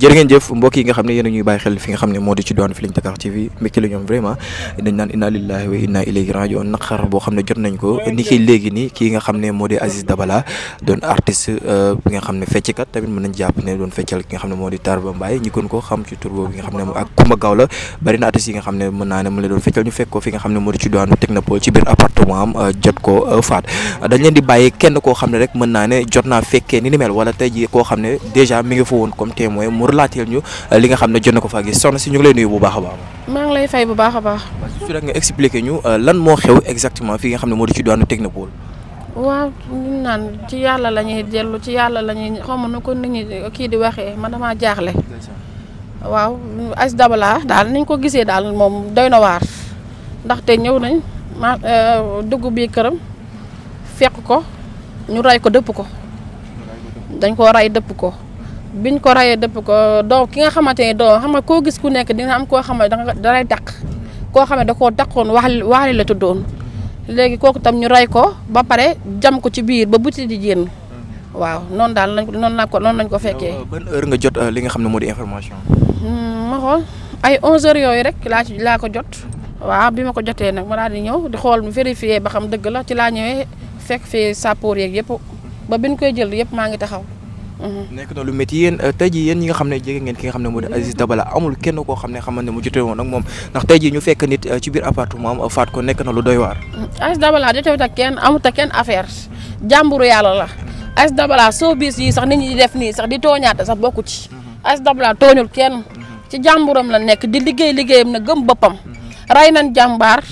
jërë jëf mbokk nga xam ne moo di ci wa inna ilayhi raji'un naqar boo xam ne jot nañ ko ni ki léegi ni kii nga xam ne moo di Aziz Dabala doon artiste bi nga xam ne fecckat tamit mën na artiste yi nga xam ne mën naa ne doon feccal ñu fekk ko fi nga xam ne moo di ci doon Technopole ci biir appartement am jot ko faat dañ leen di kenn koo xam ne rek mën naa ne jot naa fekkee ni mel wala tey ji koo xam ne déjà mi ngi woon comme témoin mooy mu relater ñu euh, li nga xam ne jot na ko faa gis soxna si ñu ngi lay nuyu bu baax a baax. maa ngi lay fay bu baax a baax. su rek nga expliquer ñu euh, lan moo xew exactement fi nga xam ne moo di ci doonu technopole. waaw ñu naan ci yàlla la ñuy dellu ci yàlla la ñuy xaw ma nu ko nit ñi kii di waxee man damaa jaaxle. waaw as dabala daal niñ ko gisee daal moom doy na waar ndaxte ñëw nañ ma euh, dugg bii këram fekk ko ñu ray ko dëpp ko. dañ ko rey dëpp ko. biñ ko rayee dëpp ko doo ki nga xamante ne doo xam nga koo gis ku nekk dina am koo xam ne danga dalay dàq koo xam ne da koo dàqoon wax waxali la tuddoon léegi kooku tam ñu rey ko ba pare jam ko ci biir ba buti di génn waaw noonu daal lañ noonu la ko noonu lañ fekkee. ban heure nga jot euh, li nga xam ne moo di information. Hmm, ma xool ay 11 yooyu rek laa ci laa ko jot. waaw bi ma ko jotee nag ma daal di ñëw di xool vérifier ba xam dëgg la ci laa ñëwee fekk fii sapor yeeg yëpp ba biñ koy jël yëpp maa ngi taxaw. Mm-hmm. nekk na lu métti yéen euh, tey jii yéen ñi nga xam ne jege ngeen ki nga xam ne moo di mm-hmm. Aziz Dabala amul kenn koo xam ne xaman ne mu jote woon ak moom ndax tey jii ñu fekk nit euh, ci biir appartement am euh, faat ko nekk na lu doy waar mm-hmm. Aziz Dabala di tawit ak kenn amut ak kenn affaire jàmburu yàlla la Aziz Dabala soo yi sax nit ñi di def nii sax di tooñaate sax bokku ci Aziz Dabala tooñul kenn ci jàmburam la nekk di liggéey liggéeyam na gëm boppam rey nañ jàmbaar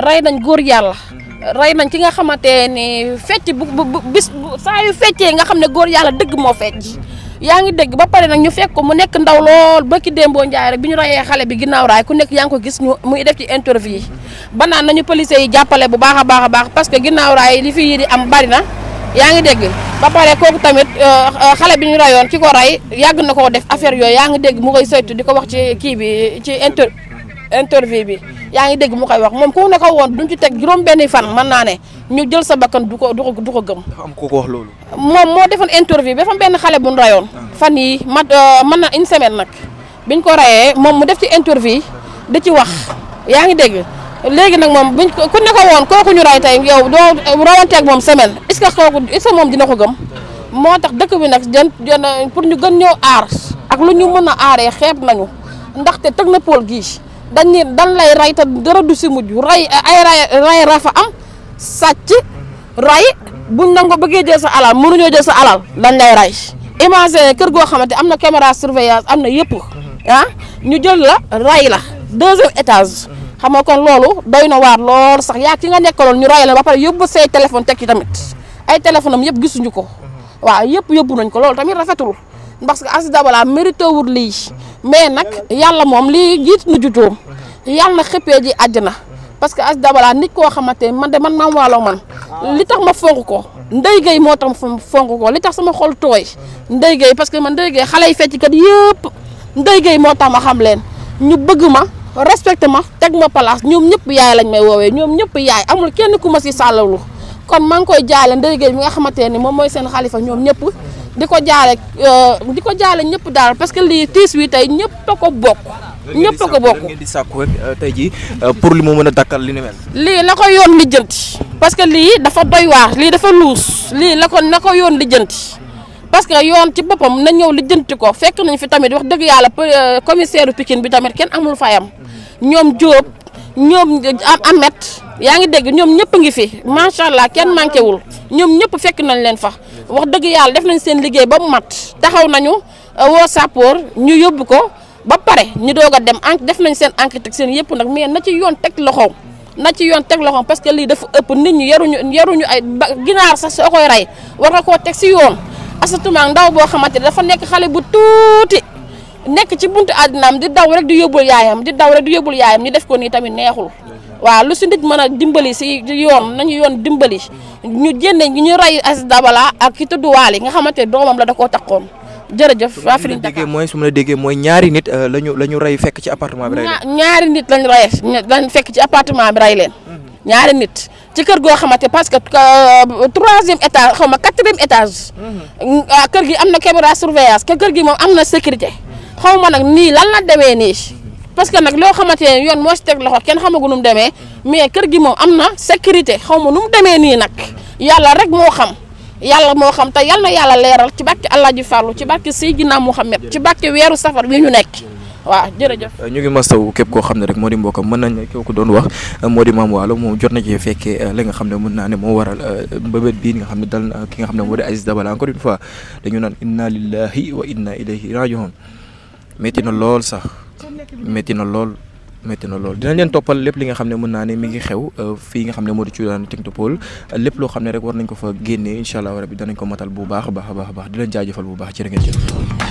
rey nañ góor yàlla ray nañ ki nga xamante ni fecc bu bu bis saa yu feccee nga xam ne góor yàlla dëgg moo fecc yaa ngi dégg ba pare nag ñu fekk mu nekk ndaw lool ba demboo démboo njaay rek bi ñu reyee xale bi ginaaw raay ku nekk yaa ngi ko gis ñu muy def ci interview yi ba naan nañu police yi jàppale bu baax a baax a baax parce que ginnaaw raay li fi yi di am bari na yaa ngi dégg ba pare kooku tamit euh, euh, xale bi ñu rayoon ki ko rey yàgg na koo def affaire yooyu yaa ngi degg mu koy saytu di ko wax ci kii bi ci inter interview bi yaa ngi dégg mu koy wax moom ku ne ko woon duñ ci teg juróom benn fan mën naane ne ñu jël sa bakkan du ko du du ko gëm. dafa am ko loolu. moom moo defoon interview dafa am benn xale bu ñu rayoon. Ah. fan yi mat euh, mën na une semaine nag biñ ko rayee moom mu def ci interview da ci wax yaa ngi dégg. léegi nag moom buñ ku ne ko woon kooku ñu ray tey yow doo euh, rawanteeg moom semaine est-ce que kooku est-ce moom dina ko gëm moo tax dëkk bi nag jën jën pour ñu gën ñëw aar ak lu ñu mën a aaree xeeb nañu ndaxte teg na pôle gii. dañ ni dañ lay rey te dara du si mujj ray ay ray rey rafa am sàcc rey buñ nangu bëggee jël sa alal mënuñoo jël sa alal dañ lay rey imagine kër goo xamante am na caméra surveillance am na yëpp ah ñu jël la rey la deuxième étage xam nga kon loolu doy na waar lool sax yaa ki nga nekkaloon ñu rey la ba pare yëpp say téléphone teg ci tamit ay téléphone am yëpp gisuñu ko waa yëpp yóbbu nañ ko loolu tamit rafetul parce que Aziz Dabala mérité wul lii mais nag yàlla moom lii jiit nu jutoom yàlla na xëppee ji àjjana parce que as dabala nit koo xamante ne man de man maam waalo man li tax ma fonk ko ndey gay moo tax ma fonk ko li tax sama xol tooy ndey gay parce que man ndey xale yi fecc fecckat yëpp ndey gay moo tax ma xam leen ñu bëgg ma respecté ma teg ma place ñoom ñëpp yaay lañ may woowee ñoom ñëpp yaay amul kenn ku ma si sàllalu kon maa ngi koy jaay la ndey gay mi nga xamante ne moom mooy seen xalifa ñoom ñëpp di ko jaale euh, di ko jaare ñëpp daal parce que lii tiis wi tey ñëpp a ko bokk. ñëpp a ko bokk ngeen di sàkku euh, tey jii euh, pour li mu mën a dakkal li ni mel. lii la ko yoon lijjanti parce que lii dafa doy waar lii dafa luus lii na ko na ko yoon lijjanti parce que yoon ci boppam na ñëw lijjanti ko fekk nañ fi tamit wax dëgg yàlla commissaire Pikine bi tamit kenn amul fayam mm-hmm. ñoom Diop ñoom Amet yaa ngi dégg ñoom ñëpp ngi fi macha allah kenn manqué wul ñoom ñëpp fekk nañ leen fa wax dëgg yàlla def nañ seen liggéey ba mu mat taxaw nañu uh, woo sappoor ñu yóbbu ko ba pare ñu doog a dem enquête def nañ seen enquête ak seen yëpp nag mais na ci yoon teg loxoom na ci yoon teg loxoom parce que lii dafa ëpp nit ñi yaruñu yaruñu ay ginaar sax soo koy rey war nga koo teg si yoon asatumaak ndaw boo xamante ne dafa nekk xale bu tuuti nekk ci buntu àddinaam di daw rek di yóbbul yaayam di daw di yóbbul yaayam ñu def ko nii tamit neexul waaw lu si nit man a dimbali si yoon nañu yoon dimbali ñu jénne ñu rey Aziz Dabala ak ki tudd Waly nga xamante doomam la da koo takkoon jërëjëf waa Feeling Dakar mooy su ma mooy ñaari nit euh, lañu la ñu rey fekk ci appartement bi rey leen ñaari nit lañ rey lañ fekk ci appartement bi rey leen mhm. ñaari nit ci kër goo xamante parce que euh, troisième étage xaw ma quatrième étage mhm. ah, kër gi am na caméra surveillance que kër gi moom am na sécurité mhm. xaw ma nag nii lan la demee nii parce que nag loo xamante ne yoon moo ci teg loxo kenn xamagu nu mu demee mais kër gi moom am na sécurité xaw ma nu mu demee nii nag yàlla rek moo xam yàlla moo xam te yal na yàlla leeral ci barke El Hadj Fallou ci barke Seydina Mouhamed ci barke weeru safar wi ñu nekk waaw jërëjëf. ñu ngi mastaw képp koo xam ne rek moo di mbokkam mën nañ képp ko doon wax moo di Mame Wallo moom jot na ci fekkee eh, li nga xam ne mën naa ne moo waral eh, mbëbët bii nga xam ne dal na ki nga xam ne moo di Aziz Dabala encore une fois dañu naan inna lillahi wa inna ilayhi rajiun métti na lool sax métti na lool métti na lool dinañ leen toppal lépp li nga xam ne mën naa ne mi ngi xew euh, fii nga xam ne moo di Thiodaane Technopole lépp loo xam ne rek war nañ ko fa génnee incha allah rabi danañ ko matal bu baax a baax baax di leen jaajëfal bu baax jërë ngeen jëf